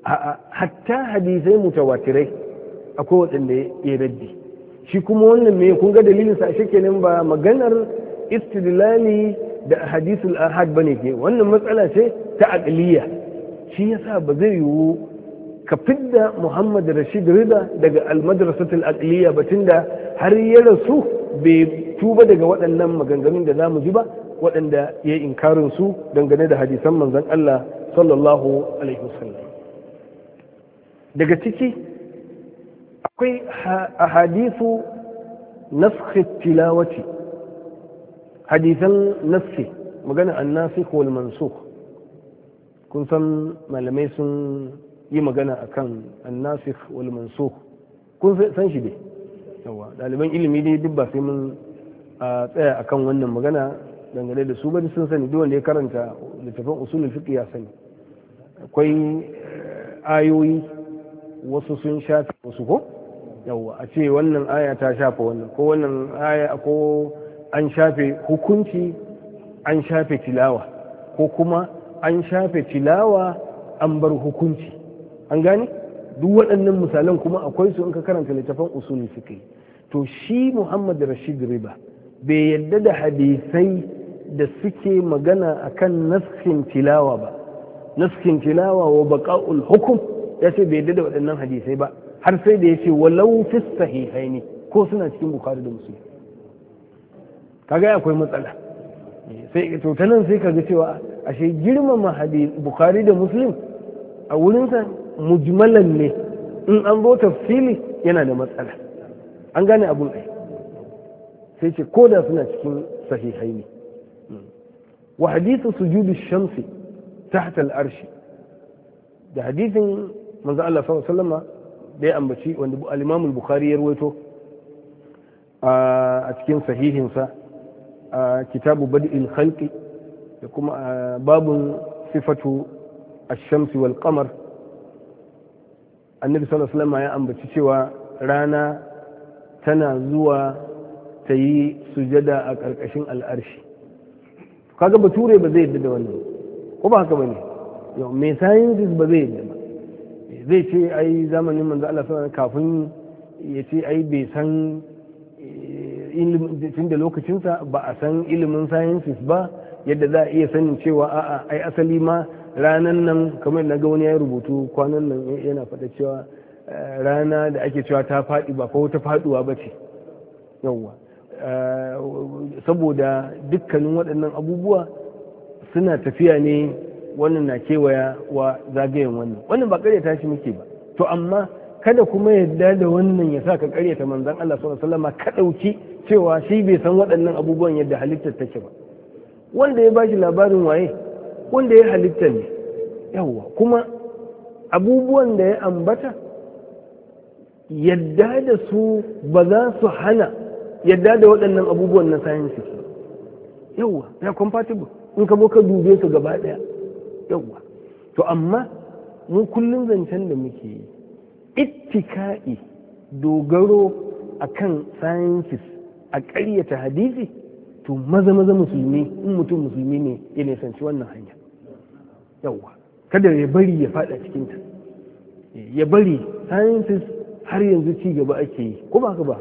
a'a hatta hadisai mutawatirai akwai waɗanda ya raddi shi kuma wannan mai kunga dalilinsa dalilin sa kenan ba maganar istidlali da hadisul ahad bane ke wannan matsala ce ta aqliya shi yasa ba zai yiwu ka fidda Muhammad Rashid Rida daga almadrasatul aqliya ba da har ya rasu bai tuba daga waɗannan maganganun da za mu ji ba waɗanda ya inkarin su dangane da hadisan manzan Allah sallallahu alaihi wasallam daga ciki akwai ahadisu naskhi tilawati hadisan naskhi magana annasikh wal mansukh kun san malamai sun yi magana akan annasikh wal mansukh kun san shi ne yawa ɗaliban ilimi ne duk ba sai mun tsaya akan wannan magana dangane da su bari sun sani duk wanda ya karanta littafin usulul fiqh ya sani akwai eh, ayoyi wasu sun shafe wasu ko yawa a ce wannan aya ta shafe wannan ko wannan aya ko an shafe hukunci an shafe tilawa ko kuma an shafe tilawa an bar hukunci an gane duk waɗannan misalan kuma akwai su in ka karanta littafin usuli yi. to shi muhammad rashid riba bai yadda da hadisai da suke magana akan naskin tilawa ba naskin tilawa wa baƙa'ul hukum ya ce bai yadda da waɗannan hadisai ba har sai da ya ce walau fi ne ko suna cikin bukari da musulmi kaga akwai matsala sai to ta nan sai kaga cewa ashe girmama bukari da muslim a wurinsa mujmalan ne in an zo tafsili yana da matsala an gane abun ai sai ce ko da suna cikin sahihai ne wa su sujudu shamsi tahta al-arshi da hadisin manzo Allah sallallahu alaihi wasallam da ya ambaci wanda al-Imam al-Bukhari ya rawaito a cikin sahihin sa kitabu bad'il khalqi da kuma babun sifatu ash-shams wal qamar annabi sallallahu alaihi wasallam ya ambaci cewa rana tana zuwa ta yi sujada a ƙarƙashin al'arshi kaga bature ba zai yadda da wannan ko ba haka bane yau mai scientist ba zai yadda ba zai ce ai zamanin manzo Allah sallallahu kafin ya ce ai bai san eh, tun da lokacinsa ba a san ilimin sciences ba yadda za a iya sanin cewa a'a ai asali ma ranan nan kamar na ga wani ya rubutu kwanan nan yana faɗa cewa eh, rana da ake cewa ta faɗi ba ko ta faɗuwa ba ce yawwa eh, saboda dukkanin waɗannan abubuwa suna tafiya ne wannan na kewaya wa zagayen wannan wannan ba karyata shi muke ba to amma kada kuma yadda da wannan ya sa ka karyata manzan Allah sallallahu alaihi wasallam ka dauki cewa shi bai san waɗannan abubuwan yadda halittar take ba wanda ya bashi labarin waye wanda ya halitta ne yawwa kuma abubuwan da ya ambata yadda da su ba za su hana yadda da waɗannan abubuwan na sayansi yawwa ya compatible in ka ka dube su gaba ɗaya yawwa to amma mu kullum zancen da muke yi ittika'i dogaro a kan sciences a ƙaryata hadisi to maza maza musulmi in mutum musulmi ne ya nisanci wannan hanya yawwa kada ya bari ya fada cikinta ya bari sciences har yanzu ci gaba ake yi ko ba ba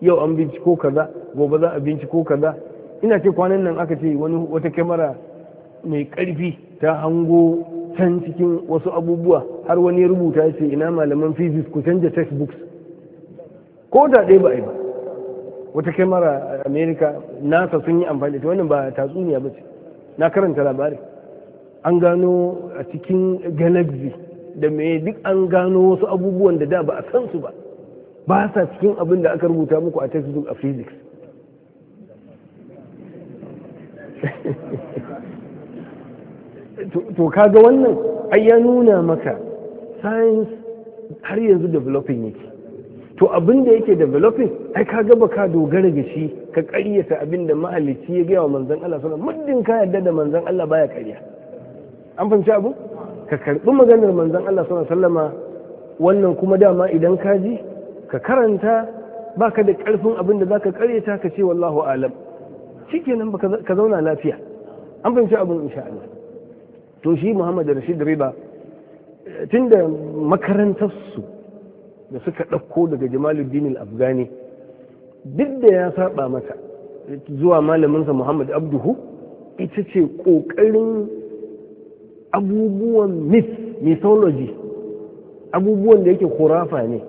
yau an binciko kaza gobe za a binciko kaza ina ce kwanan nan aka ce wani wata kyamara mai karfi ta hango can cikin wasu abubuwa har wani ya rubuta ya ce ina malaman physics ku canja textbooks ko da ɗaya ba a yi ba wata kyamara a america nasa sun yi amfani da wannan ba tatsuniya ba ce na karanta labarin an gano a cikin galaxy da mai duk an gano wasu abubuwan da da ba a san su ba ba sa cikin abin da aka rubuta muku a textbook a physics to kaga wannan ai ya nuna maka science har yanzu developing yake to abin da yake developing ai kaga baka dogara ga shi ka ƙaryata abin da mahalicci ya gaya wa manzon Allah sallallahu muddin ka yarda da manzon Allah baya ƙarya an fahimci abu ka karbi maganar manzon Allah sallallahu alaihi wannan kuma dama idan ka ji ka karanta baka da karfin abin da zaka ƙaryata ka ce wallahu alam shikenan ka zauna lafiya an fahimci abin insha Allah to shi muhammad rashid riba tun da makarantarsu da suka ɗauko daga jamaluddin al-afghani duk da ya saba mata zuwa malaminsa muhammad abduhu ita ce ƙoƙarin abubuwan myth mythology abubuwan da yake kurafa ne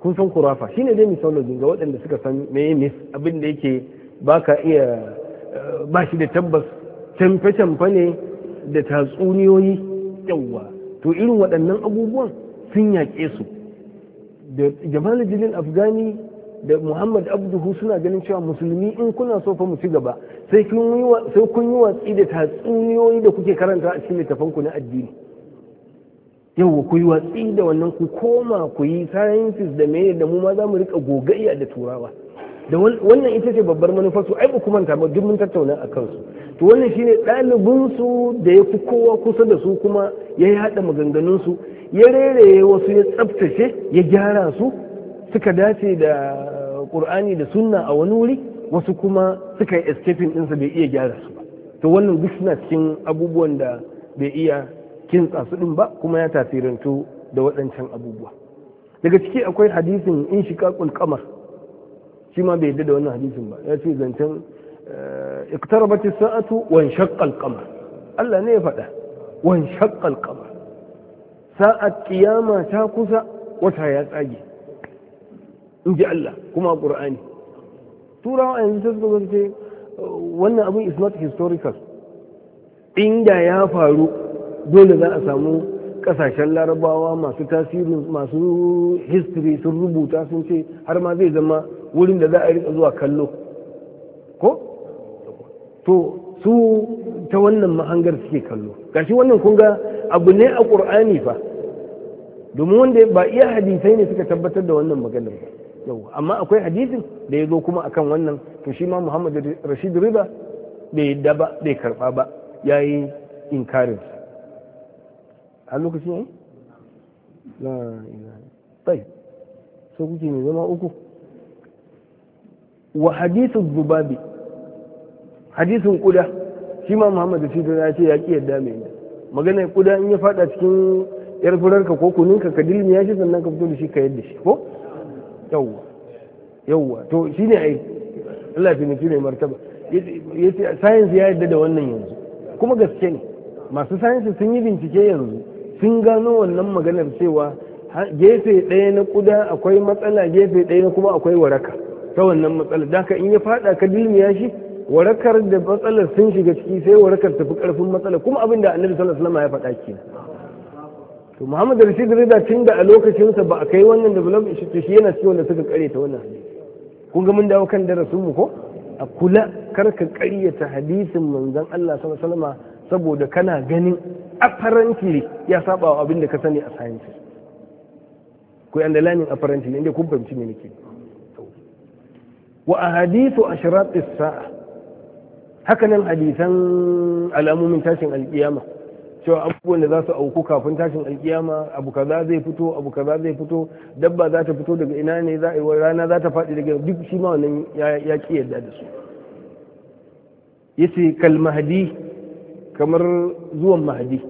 kun san kurafa shine dai mythology ga waɗanda suka san meye myth abin da yake baka iya ba shi da tabbas canfe-canfe ne da tatsuniyoyi yawa to irin waɗannan abubuwan sun yaƙe su da Jamal jilin afghani da muhammad abduhu suna ganin cewa musulmi in kuna so fa mu ci gaba sai kun yi watsi da tatsuniyoyi da kuke karanta a cikin littafanku na addini Yawa ku yi watsi da wannan ku koma ku yi sciences da mai da mu ma za mu rika gogayya da turawa da wannan ita ce babbar manufar su ai ku manta ba duk mun tattauna a kansu to wannan shine ɗalibin su da ya fi kowa kusa da su kuma ya yi haɗa maganganun su ya rereye wasu ya tsaftace ya gyara su suka dace da ƙur'ani da sunna a wani wuri wasu kuma suka yi escaping su bai iya gyara su ba to wannan duk suna cikin abubuwan da bai iya kintsa su ɗin ba kuma ya tasirantu da waɗancan abubuwa daga ciki akwai hadisin in shiƙaƙul kamar shi ma bai yadda da wannan hadisin ba ya ce zancen eh, iqtarabati sa'atu wa shaqqa al-qamar Allah ne ya faɗa wa shaqqa qamar qiyama ta kusa wata ya tsage in ji Allah kuma Qur'ani turawa yanzu ta zuba ce wannan abin is not historical inda ya faru dole za a samu kasashen larabawa masu tasiri masu history sun rubuta sun ce har ma zai zama wurin da za a rika zuwa kallo ko to su ta wannan mahangar suke kallo gashi wannan kun ga abu ne a ƙur'ani fa domin wanda ba iya hadisai ne suka tabbatar da wannan maganar ba yau amma akwai hadisin da ya zo kuma akan wannan to shi ma Muhammad Rashid Riba bai yadda ba bai karba ba yayi inkarin a lokacin ne la So kuke mai zama uku wa hadithu zubabi hadisin kuda shi ma muhammad da sidon ya ce ya ki yadda mai ne magana kuda in ya fada cikin yar furarka ko kunin ka kadil ya shi sannan ka fito da shi ka yadda shi ko yawwa yawwa to shi ne ai Allah fi mutu ne martaba yace science ya yadda da wannan yanzu kuma gaske ne masu science sun yi bincike yanzu sun gano wannan maganar cewa gefe ɗaya na kuda akwai matsala gefe ɗaya na kuma akwai waraka ta wannan matsalar da in ya fada ka dilmiya shi warakar da matsalar sun shiga ciki sai warakar tafi karfin matsalar kuma abin da annabi sallallahu alaihi wasallam ya faɗa ke to muhammad rashid rida tun da a lokacinsa ba a kai wannan development shi to shi yana cikin wanda suka kare ta wannan kun ga mun dawo kan darasin mu ko a kula kar ka karyata hadisin manzon Allah sallallahu alaihi wasallam saboda kana ganin apparently ya saba wa abin da ka sani a science ko underlining ne, inda kubbanci ne nake wa ahadithu ashrat as-sa'a hakanan hadisan alamomin tashin alkiyama cewa abubuwan da za su auku kafin tashin alkiyama abu kaza zai fito abu kaza zai fito dabba za ta fito daga ina ne za a rana za ta fadi daga duk shi ma wannan ya ki da su yace kal mahdi kamar zuwan mahdi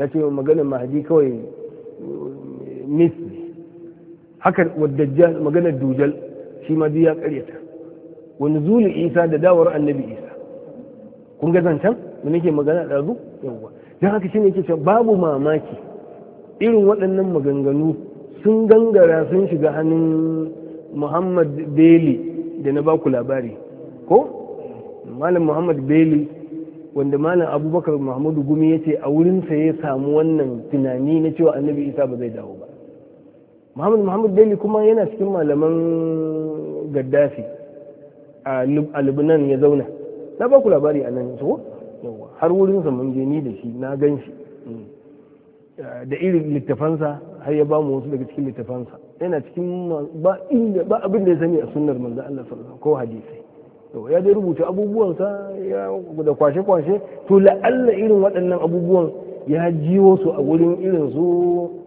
ya ce maganar mahdi kawai mis haka wa dajjal maganar dujal shi ma biya karyata wani zulu isa da dawar annabi isa kun ga zancen da nake magana zu yawwa don haka shi ne yake cewa babu mamaki irin waɗannan maganganu sun gangara sun shiga hannun muhammad beli da na baku labari ko malam muhammad beli wanda malam abubakar muhammadu gumi ya ce a wurinsa ya samu wannan tunani na cewa annabi isa ba zai dawo ba muhammad muhammad Bello kuma yana cikin malaman gaddafi a lubnan ya zauna na ba ku labari a nan so har wurin sa mun je ni da shi na gan shi mm. da irin littafansa har ya ba mu wasu daga cikin littafansa yana cikin ba inda ba abin da ya sani a sunnar manzo Allah sallallahu ko hadisi to ya dai rubuta sa ya da kwashe kwashe to la'alla irin waɗannan abubuwan ya jiwo su a wurin irin su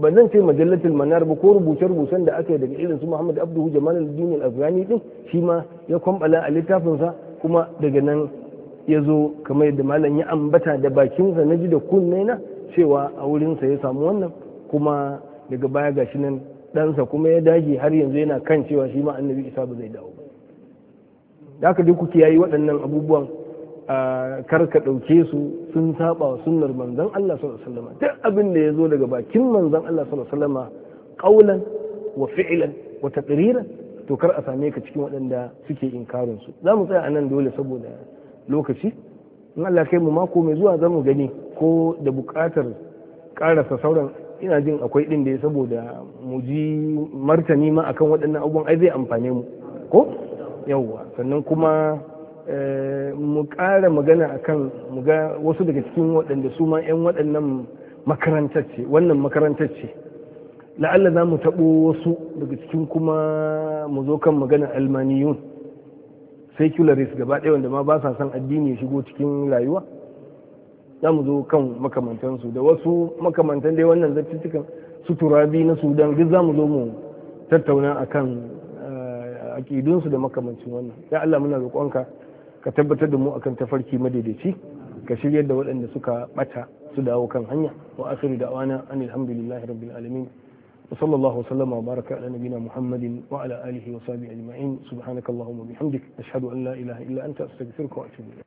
ba zan ce majalatul manar ba ko rubuce-rubucen da aka yi daga irin su Muhammad Abdul Jamal al din al-Afghani din shi ma ya kwambala a littafin sa kuma daga nan ya zo kamar yadda malam ya ambata da bakinsa na ji da kunne na cewa a wurinsa ya samu wannan kuma daga baya gashi nan ɗansa kuma ya dage har yanzu yana kan cewa shi ma annabi isa ba zai dawo ba da haka duk ku kiyaye waɗannan abubuwan kar ka ɗauke su sun saba wa sunnar manzon Allah sallallahu alaihi wasallam duk abin da ya zo daga bakin manzon Allah sallallahu alaihi wasallam qaulan wa fi'lan wa taqriran to kar a same ka cikin waɗanda suke inkarin su za tsaya anan dole saboda lokaci in Allah kai mu mako mai zuwa zamu gani ko da buƙatar ƙarasa sauran ina jin akwai ɗin da ya saboda mu ji martani ma akan waɗannan abubuwan ai zai amfane mu ko yawwa sannan kuma Eh, mu ƙara magana akan mu ga wasu daga cikin waɗanda su ma 'yan waɗannan makarantar ce wannan makarantar ce la'alla za mu taɓo wasu daga cikin kuma mu zo kan magana almaniyun secularist gaba ɗaya wanda ma ba sa son addini ya shigo cikin rayuwa za mu zo kan makamantansu da wasu makamantan dai wannan zartuttukan su turabi na sudan duk za mu zo mu tattauna akan eh, akidunsu da makamancin wannan ya allah muna roƙonka ka tabbatar da mu akan tafarki madaidaici ka shirya da waɗanda suka ɓata su dawo kan hanya wa akhiru da'wana alhamdulillahi rabbil alamin wa sallallahu sallama wa baraka ala nabiyyina muhammadin wa ala alihi wa sahbihi ajma'in subhanakallahumma bihamdik ashhadu an la ilaha illa anta astaghfiruka wa atubu